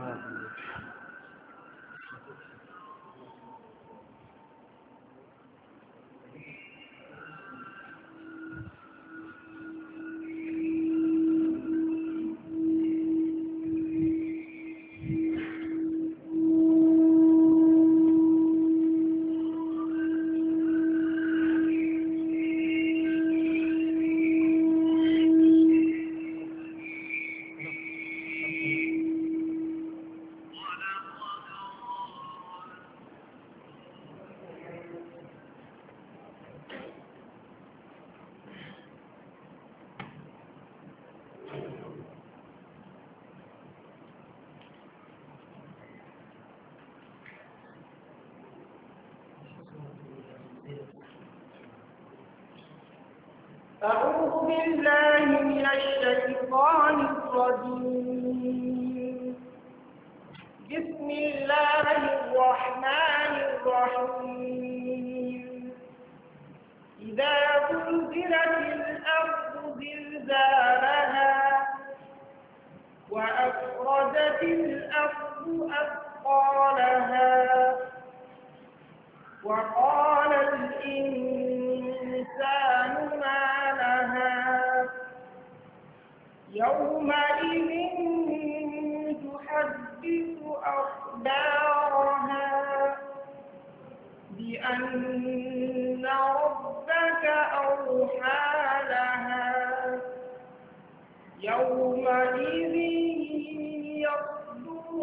Wow. أعوذ بالله من الشيطان الرجيم بسم الله الرحمن الرحيم إذا زلزلت الأرض زلزالها وأخرجت الأرض أثقالها وقال الإنسان ما يومئذ تحدث أخبارها بأن ربك أوحى لها يومئذ يصدر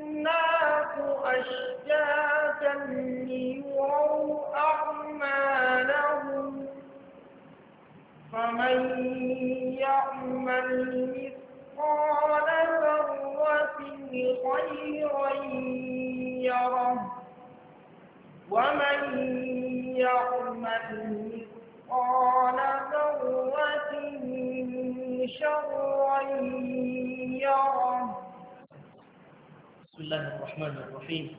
الناس أشتاتا ليروا أعمالهم فمن ومن يعمل قال ذرة شرا يره بسم الله الرحمن الرحيم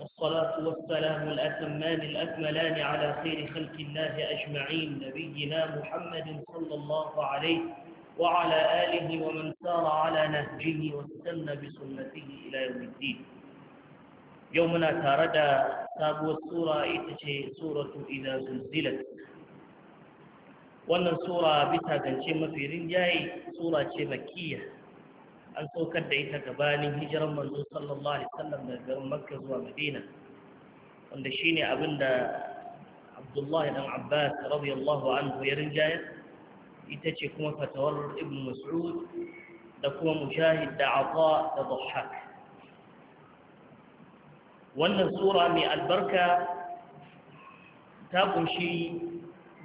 والصلاة والسلام الأتمان الأكملان على خير خلق الله أجمعين نبينا محمد صلى الله عليه وعلى آله ومن سار على نهجه واستنى بسنته إلى يوم الدين yau muna tare da sabuwar tsura ita ce suratu idan zulzilat wannan tsura bisa zance mafi rinjaye tsura ce makiya an saukar da ita gabanin hijiran manzo sallallahu alaihi wasallam daga garin makka zuwa madina wanda shine abin da abdullahi dan abbas radiyallahu anhu ya rinjaye ita ce kuma fatawar ibn mas'ud da kuma mujahid da ata da dhahhak wannan tsura mai albarka ta ƙunshi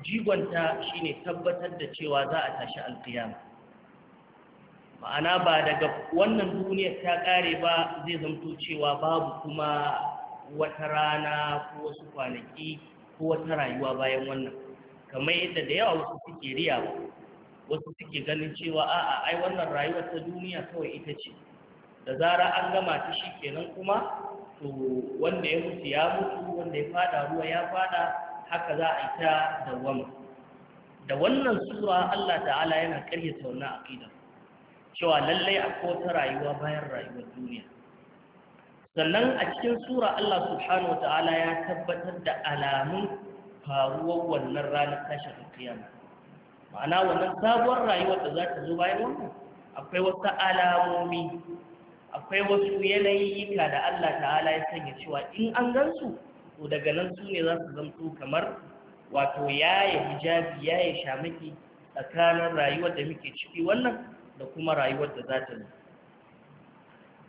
jigonta shi ne tabbatar da cewa za a tashi alkiyama ma'ana ba daga wannan duniyar ta ƙare ba zai zamto cewa babu kuma wata rana ko wasu kwanaki ko wata rayuwa bayan wannan kamar yadda da yawa wasu suke riya ba wasu suke ganin cewa a'a ai wannan rayuwar ta duniya kawai ita ce da zara an gama ta shi kenan kuma to wanda ya mutu ya mutu wanda ya fada ruwa ya fada haka za a yi ta dawwama da wannan sura Allah ta'ala yana karyata wannan aqida cewa lallai akwai wata rayuwa bayan rayuwar duniya sannan a cikin sura Allah subhanahu wata'ala ya tabbatar da alamun faruwar wannan ranar tashin kiyama ma'ana wannan sabuwar rayuwar da za ta zo bayan wannan akwai wata alamomi akwai wasu yanayi da Allah ta'ala ya sanya cewa in an gansu to daga nan su ne za su zamto kamar wato ya yi hijabi ya yaya shamaki tsakanin rayuwar da muke ciki wannan da kuma rayuwar da za ta yi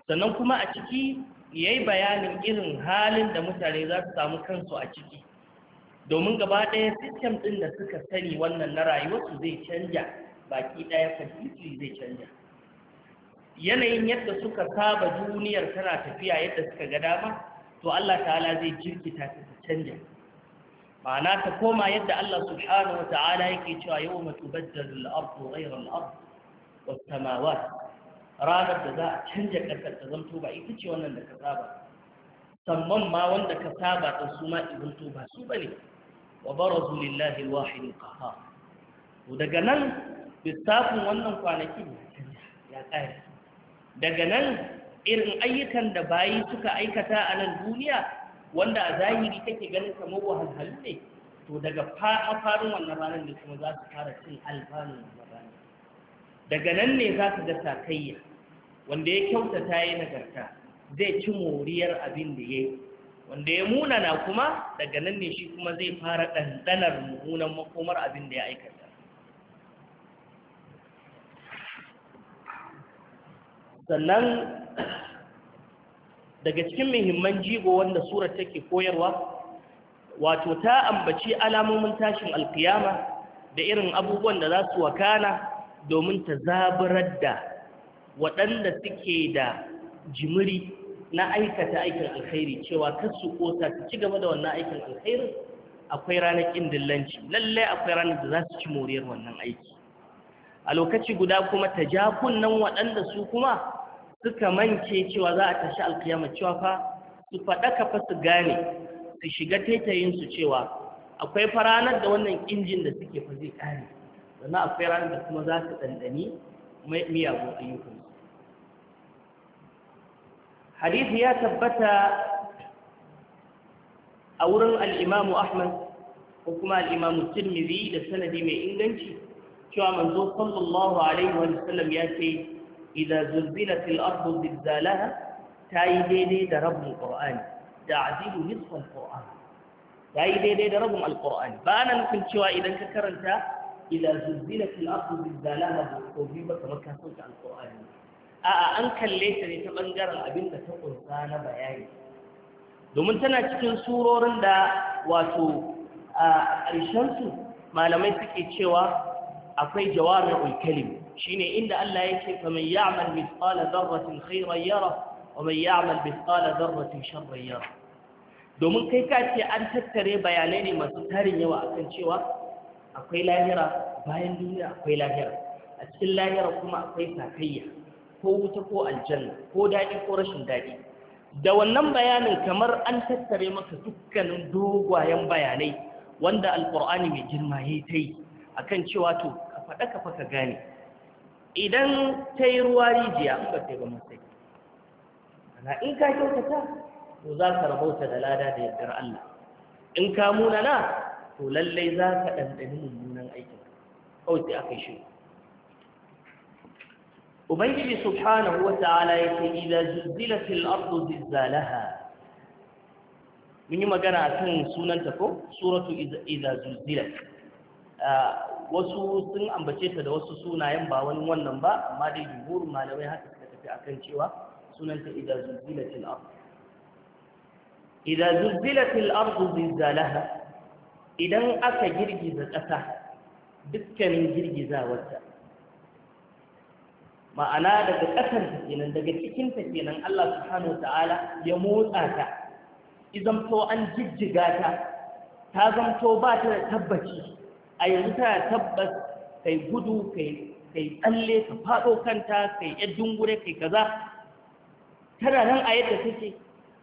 sannan kuma a ciki ya yi bayanin irin halin da mutane za su samu kansu a ciki domin gaba ɗaya sistem ɗin da suka sani wannan na rayuwarsu zai canja baki ɗaya completely zai canja yanayin yadda suka saba duniyar tana tafiya yadda suka ga dama to Allah ta'ala zai jirkita ta canja ma'ana ta koma yadda Allah subhanahu wa ta'ala yake cewa yau matu baddal al'ardu ghairar al'ardu wasu samawat ranar da za a canja ƙasar ta zamto ba ita ce wannan da ka saba sannan ma wanda ka saba ɗin su ma izanto ba su ba ne wa barazu lillahi alwahid alqahar to daga nan lissafin wannan kwanaki ya canja daga nan irin ayyukan da bayi suka aikata a nan duniya wanda a zahiri take ganin kamar wahalhalu ne to daga farin wannan ranar ne kuma za su fara cin alfanun wannan ranar daga nan ne za ka ga sakayya wanda ya kyauta ta yi nagarta zai ci moriyar abin da ya yi wanda ya munana kuma daga nan ne shi kuma zai fara ɗanɗanar mummunan makomar abin da ya aikata sannan daga cikin muhimman jigo wanda surar take koyarwa wato ta ambaci alamomin tashin alkiyama da irin abubuwan da za su wakana domin ta zaburar da waɗanda suke da jimiri na aikata aikin alkhairi cewa kasu ƙosa su ci gaba da wannan aikin alkhairi akwai ranar dillanci lallai akwai ranar da za su ci moriyar wannan aiki a lokaci guda kuma ta ja kunnan waɗanda su kuma suka mance cewa za a tashi alkiyama cewa fa su faɗaka fa su gane su shiga taitayinsu cewa akwai faranar da wannan injin da suke fa zai ƙare sannan akwai ranar da kuma za su ɗanɗani miyagun ayyukan hadith ya tabbata a wurin al'imamu ahmad ko kuma al'imamu tirmidhi da sanadi mai inganci cewa manzo sallallahu alaihi wa sallam ya ce إذا زلزلت الأرض زلزالها تاي ديدي ده رب القرآن تعديل نصف القرآن تاي ديدي ده رب القرآن فأنا نفهم شوى إذا كرنت إذا زلزلت الأرض زلزالها بالقرآن كما كان صوت عن القرآن a'a an kalle ta ne ta ɓangaren abin da ta ƙunsa na bayani domin tana cikin surorin da wato a ƙarshensu malamai suke cewa akwai jawarin ulkalim shine inda Allah yake ce man ya'mal mithqala dharratin khairan yara wa man ya'mal mithqala dharratin sharran yara domin kai ka ce an tattare bayanai ne masu tarin yawa akan cewa akwai lahira bayan duniya akwai lahira a cikin lahira kuma akwai sakayya ko wuta ko aljanna ko daɗi ko rashin daɗi da wannan bayanin kamar an tattare maka dukkanin dogwayen bayanai wanda alƙur'ani mai girma ya ta yi akan cewa to ka faɗa ka ka gane idan ta yi ruwa rijiya in ba ta yi ba matsayi ana in ka kyautata to za ka rahauta da lada da yardar Allah in ka muna na to lallai za ka ɗanɗani mummunan aikin kawai sai aka yi shi ubangiji subhanahu wa ta'ala ya ce idza fil ardu mun yi magana akan sunanta ko suratu idza wasu sun ambace ta da wasu sunayen ba wani wannan ba amma dai jumhur malamai haka suka tafi akan cewa sunanta idan zulzilatil ard idan zulzilatil ard zilzalaha idan aka girgiza ƙasa dukkanin girgizawarta ma'ana daga ƙasar ta kenan daga cikin ta kenan Allah subhanahu ta'ala ya motsa ta to an jijjiga ta ta zamto ba ta da tabbaci a yanzu tana tabbas kai gudu kai tsalle ka faɗo kanta kai ya dungure kai kaza tana nan a yadda take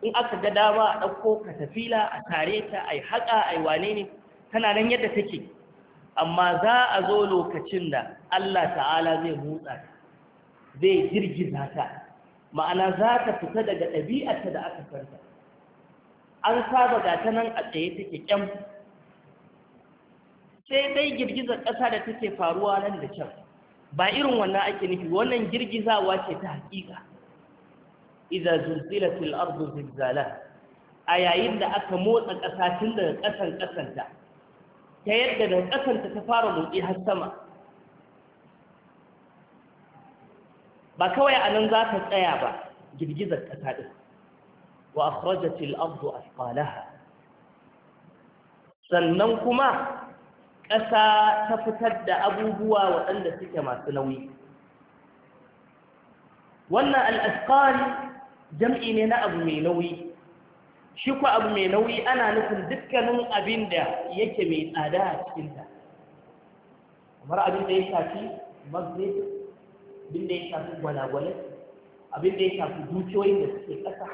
in aka ga dama a ɗauko ka tafila a tare ta a yi haƙa a wane ne tana nan yadda take amma za a zo lokacin da Allah ta'ala zai motsa zai girgiza ta ma'ana za ta fita daga ɗabi'arta da aka karta. an saba ga ta nan a tsaye take ƙyan sai dai girgizar ƙasa da take faruwa nan da can ba irin wannan ake nufi wannan girgizawa ce ta haƙiƙa idza zulzilatil ardu zilzala a yayin da aka motsa ƙasa tun daga ƙasan ƙasanta ta yadda daga ƙasanta ta fara motsi har sama ba kawai a nan za ta tsaya ba girgizar ƙasa ɗin wa akhrajatil ardu asqalaha sannan kuma ƙasa ta fitar da abubuwa waɗanda suke masu nauyi wannan al’asƙari jam'i ne na abu mai nauyi shi ku abu mai nauyi ana nufin dukkanin abin da yake mai tsada a cikinta kamar abin da ya shafi magnet abin da ya shafi gwalagwale abin da ya shafi dukiyoyin da suke ƙasa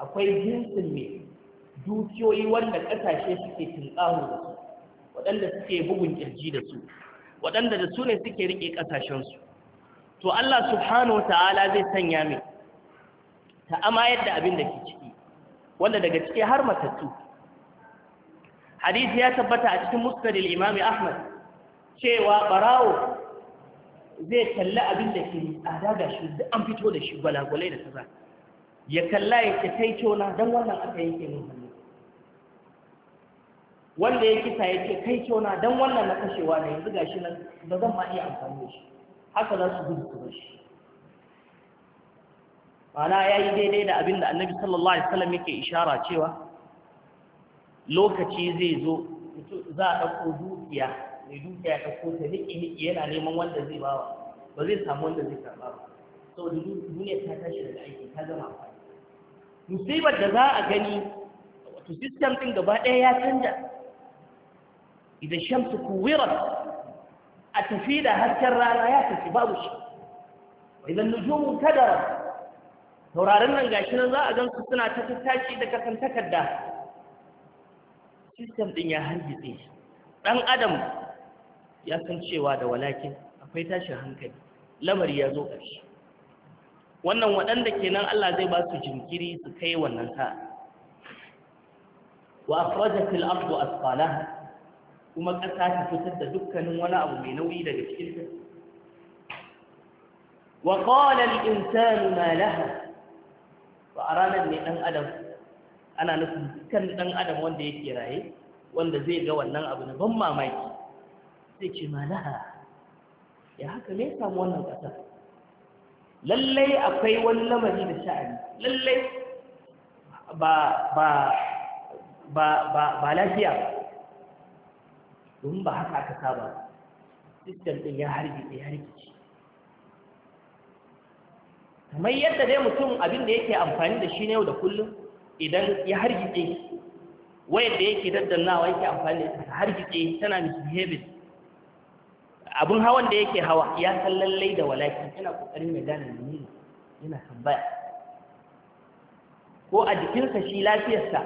akwai jinsin mai dukiyoyi wanda ƙasashe suke tunƙaho da su waɗanda suke bugun kirji da su waɗanda da su ne suke riƙe ƙasashensu to Allah subhanahu wa ta'ala zai sanya mai ta amayar yadda abin da ke ciki wanda daga ciki har matattu hadisi ya tabbata a cikin musnadil imam ahmad cewa barawo zai kalla abin da ke tsada ga shi da an fito da shi gwalagwalai da kaza ya kalla ya ce kai na don wannan aka yanke mun wanda ya kisa ya ce kai kyona don wannan na kashewa ne yanzu gashi nan ba zan ma iya amfani da shi haka za su gudu su shi ma'ana ya yi daidai da abin da annabi sallallahu alaihi wasallam yake ishara cewa lokaci zai zo za a ɗauko dukiya mai dukiya ta ko ta niki niƙi yana neman wanda zai bawa ba zai samu wanda zai karɓa ba saboda duniya ta tashi daga aiki ta zama amfani musibar da za a gani wato system ɗin gaba ɗaya ya canja idan shamsu kuwirat a tafi da hasken rana ya tafi babu shi idan nujumun kadara taurarin nan gashi nan za a gan su suna ta tattaci da kasan takarda sistem ɗin ya hargitse dan adam ya cewa da walakin akwai tashin hankali lamari ya zo ƙarshe wannan waɗanda kenan Allah zai ba su jinkiri su kai wannan sa. wa akhrajatil ardu asqalaha kuma ƙasa ta fitar da dukkanin wani abu mai nauyi daga cikin ta wa qala al-insanu ma laha fa arana ne dan adam ana nufin dukkan dan adam wanda yake raye wanda zai ga wannan abu na ban mamaki sai ce ma laha ya haka me samu wannan ƙasa lallai akwai wani lamari da sha'ani lallai ba ba ba ba lafiya ba domin ba haka aka saba ba sistem ɗin ya harbi ya harbi kamar yadda dai mutum abin da yake amfani da shi ne yau da kullum idan ya hargitse wayar da yake daddannawa yake amfani da ita hargitse tana misbehaving abin hawan da yake hawa ya san lallai da walaki yana kokarin ya gane menene yana tambaya ko a jikinsa shi lafiyarsa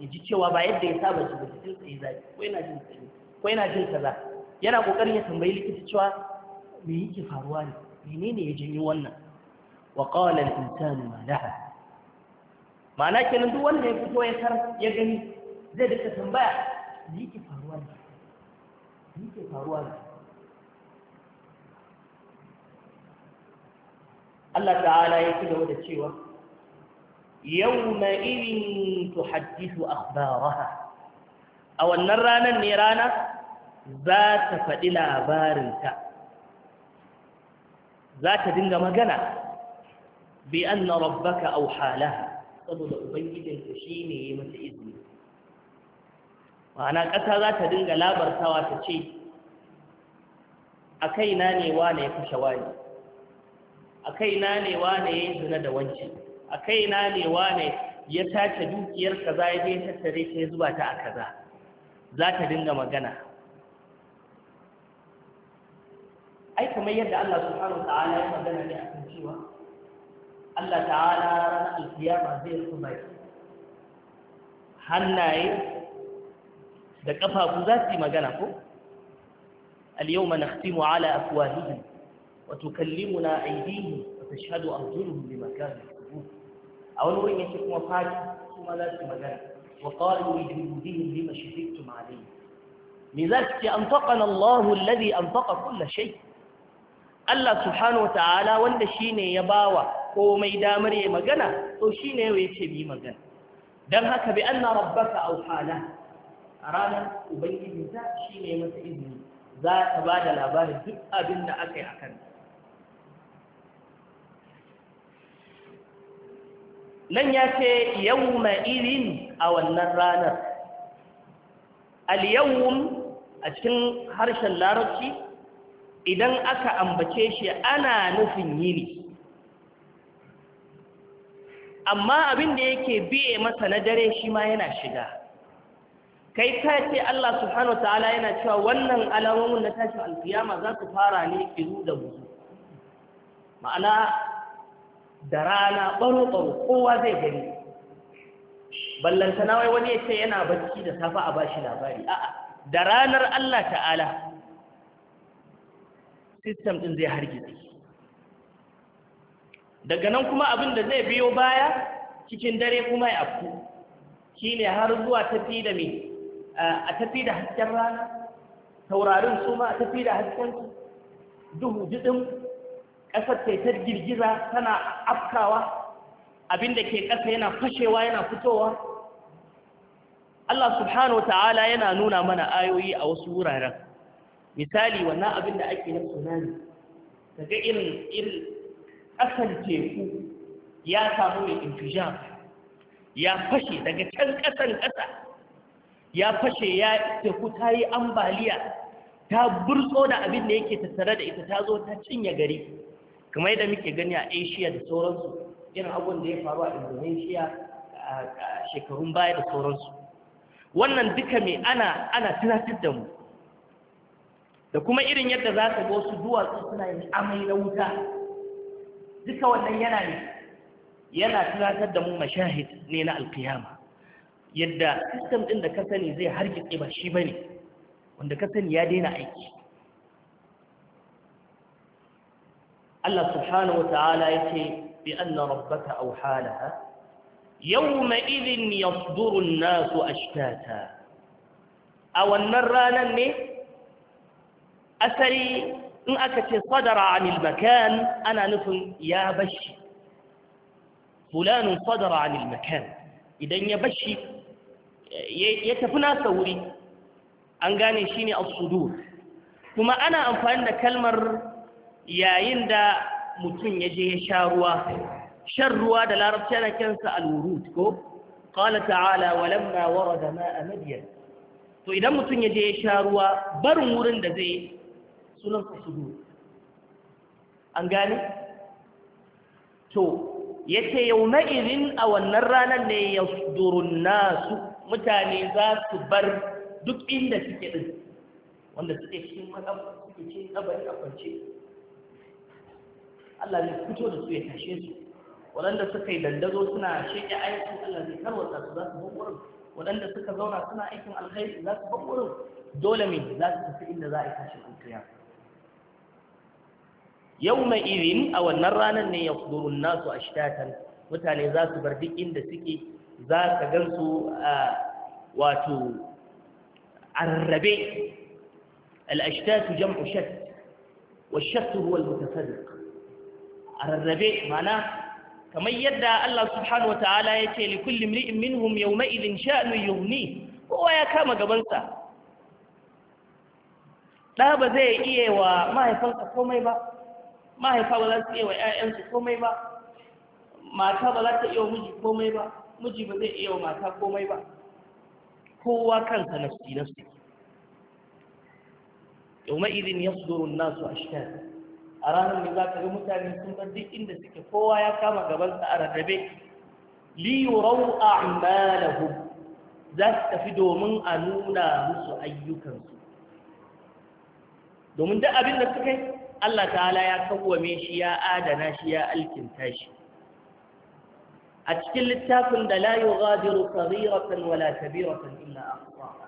ya ji cewa ba yadda ya saba shi ba jikinsa ya zafi ko yana jin sanyi ko yana jin kaza yana kokarin ya tambayi likita cewa me yake faruwa ne menene ya janyo wannan wa qala al-insanu ma laha ma'ana kenan duk wanda ya fito ya kar ya gani zai duka tambaya me yake faruwa ne me yake faruwa ne Allah ta'ala ya ci gaba da cewa yawma idin tuhaddisu akhbaraha a wannan ranar ne rana za ta faɗi labarinta za ta dinga magana bi an na rabbaka au halaha saboda ubangijinta shi ne ya mata izini ma'ana ƙasa za ta dinga labartawa ta ce a kaina ne wane ya kashe wani a kaina ne wane ya yi zina da wanci a kaina ne wane ya tace dukiyar kaza ya je tattare ta ya zuba ta a kaza za ta dinga magana ai kamar yadda Allah subhanahu ta'ala ya magana ne akan cewa Allah ta'ala ranar alkiyama zai rufe baki hannaye da kafafu za su yi magana ko al-yawma nakhtimu ala afwahihim wa tukallimuna aydihim wa tashhadu arjuluhum bima kanu yasbun a wani wurin yake kuma fati kuma za su magana وقالوا لجنودهم لما شهدتم عليه لذلك أنطقنا الله الذي أنطق كل شيء Allah subhanahu ta'ala wanda shine ya bawa komai damar ya magana to shine ya ce bi magana dan haka bi anna rabbaka awhala a ranar ubangiji ta shine masa izini za ta ba da labarin duk abin da aka yi a kan nan ya ce yawma idin a wannan ranar aliyawun a cikin harshen larabci idan aka ambace shi ana nufin yini amma abin da yake biye masa na dare shi ma yana shiga kai ka ce Allah subhanahu wataala yana cewa wannan alamomin na tashin alkiyama za su fara ne kiru da buzu ma'ana da rana baro-baro kowa zai gani ballantana wai wani ya yana bacci da safa a bashi labari a'a da ranar Allah ta'ala system din zai hargitsi daga nan kuma abin da zai biyo baya cikin dare kuma ya afku shine har zuwa tafi da me a tafi da hasken rana taurarin su ma tafi da hasken duhu jidin ƙasar ta girgiza tana afkawa abin da ke ƙasa yana fashewa yana fitowa Allah subhanahu ta'ala yana nuna mana ayoyi a wasu wuraren misali wannan abin da ake na tsunami daga irin irin ƙasan teku ya samu mai intijam ya fashe daga can ƙasan ƙasa ya fashe ya teku ta yi ambaliya ta burtso da abin da yake tattare da ita ta zo ta cinye gari kamar yadda muke gani a asia da sauransu irin abin da ya faru a indonesia a shekarun baya da sauransu wannan duka mai ana tunatar da mu da kuma irin yadda za ka ga wasu duwatsu suna yin amai na wuta duka wannan yana ne yana tunatar da mu mashahid ne na alkiyama yadda sistem ɗin da ka sani zai hargitse ba shi ba ne wanda ka sani ya daina aiki Allah subhanahu wa ta'ala ce بأن ربك أوحى لها يومئذ يصدر الناس أشتاتا أو أني أثري إن أكت صدر عن المكان أنا نفن يا بشي فلان صدر عن المكان إذا يا بشي يتفنى ثوري أن gane شيني الصدور ثم أنا kuma كلمر يا da mutum ya je ya sha ruwa shan ruwa da larabci ana kiransa al-wurud ko qala ta'ala walamma warada ma'a madyan to idan mutum ya je ya sha ruwa barin wurin da zai sunan sudu an gane to yace yauma irin a wannan ranar ne yasdurun nasu mutane za su bar duk inda suke din wanda suke cikin madaba suke cikin kabari a kwance Allah zai fito da su ya tashe su waɗanda suka yi dandazo suna sheke aiki Allah zai tarwata su za su bar wurin waɗanda suka zauna suna aikin alkhairi za su bar dole me za su tafi inda za a yi tashin alkiya yau mai irin a wannan ranar ne ya kudurun nasu a shitatan mutane za su bar duk inda suke za ka gan su wato arrabe al al'ashtatu jam'u shat والشت هو المتفرق a rarrabe mana kamar yadda Allah subhanahu wataala ya ce li kulli mri'in minhum yawma idin sha'nu yughni kowa ya kama gabansa da ba zai iya wa mahaifansa komai ba mahaifa ba za su iya wa ƴaƴansu komai ba mata ba za ta iya wa miji komai ba miji ba zai iya wa mata komai ba kowa kansa nafsi nafsi yawma idin yasduru an-nasu ashkatan a ranar ne za ka ga mutane sun bar duk inda suke kowa ya kama gabansa a rarrabe li yurau a'malahum za su tafi domin a nuna musu ayyukansu domin duk abin da suka yi Allah ta'ala ya kawwame shi ya adana shi ya alkinta shi a cikin littafin da la yughadiru saghiratan wala kabiratan illa ahsaha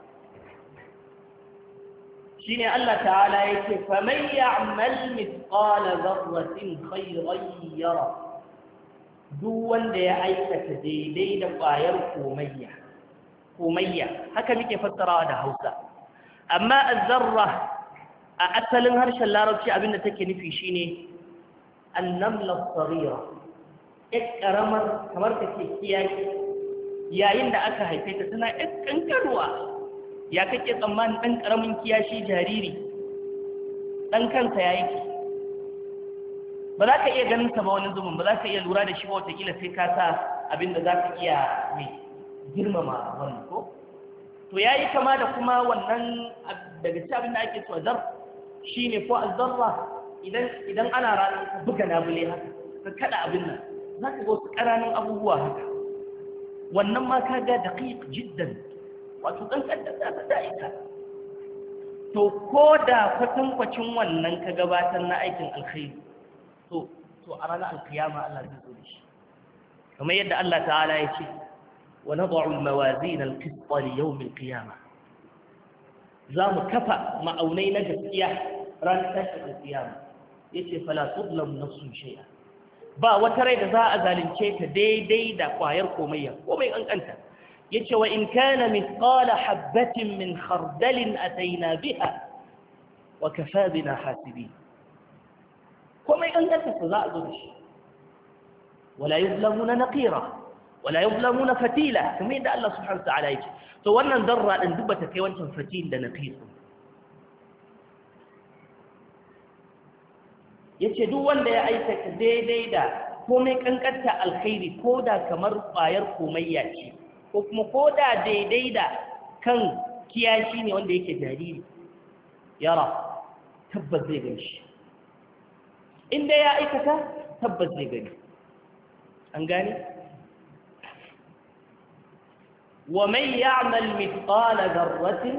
shine Allah ta'ala yake faman ya'mal mithqala dharratin khayran yara duk wanda ya aikata daidai da ƙwayar komayya komayya haka muke fassarawa da Hausa amma a zarra a asalin harshen Larabci abinda take nufi shine an-namla as-saghira ƙaramar kamar take kiyaye yayin da aka haife ta tana ƙanƙanuwa ya kake tsammanin ɗan ƙaramin kiyashi jariri ɗan kansa ya yake ba za ka iya ganin sa ba wani zubin ba za ka iya lura da shi ba watakila sai ka sa abin da za ka iya mai girmama wannan ko to ya yi kama da kuma wannan daga ci abin da ake so azar shi ne ko azarwa idan ana ranar ka buga labule haka ka kada abin nan za ka ga wasu ƙananan abubuwa haka wannan ma ka ga daƙiƙ jiddan wato kankantar da ta da'ika to ko da kwatankwacin wannan ka gabatar na aikin alkhairi to to a ranar alkiyama Allah zai zo da shi kamar yadda Allah ta'ala ya ce wa nad'u al-mawazin al-qist li yawm al-qiyamah za mu kafa ma'aunai na gaskiya ranar tashin alkiyama yace fala tudlam nafsun shay'a ba wata rai da za a zalunce ta daidai da kwayar komayya komai kankanta يتشى وإن كان مثقال حبة من خردل أتينا بها وكفى بنا حاسبين وما يقلنك فزاء ذلك ولا يظلمون نقيرا ولا يظلمون فتيلة كما يدى الله سبحانه وتعالى يتشى فوانا ندرى أن دبتك وانت فتيل لنقيرا yace duk wanda ya aikata daidai da komai kankanta alkhairi ko da kamar bayar ko kuma ko da daidai da kan kiyashi ne wanda yake jariri yara tabbas zai gani shi inda ya aikata tabbas zai gani an gane wa man ya'mal mithqala dharratin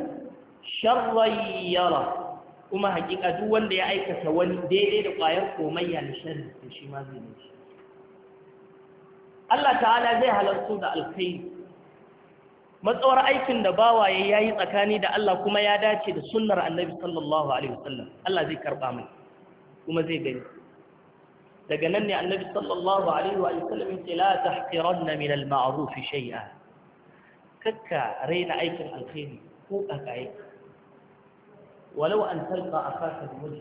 sharran yara kuma hakika duk wanda ya aikata wani daidai da ƙwayar komayya na sharri to shi ma zai ne Allah ta'ala zai halarta da alkhairi matsawar aikin da bawa ya yi tsakani da Allah kuma ya dace da sunnar annabi sallallahu alaihi wasallam Allah zai karba mai kuma zai gani daga nan ne annabi sallallahu alaihi wasallam ya ce la tahqiranna min al-ma'ruf shay'a kakka raina aikin alkhairi ko kakaye walau an talqa akaka bi wajhi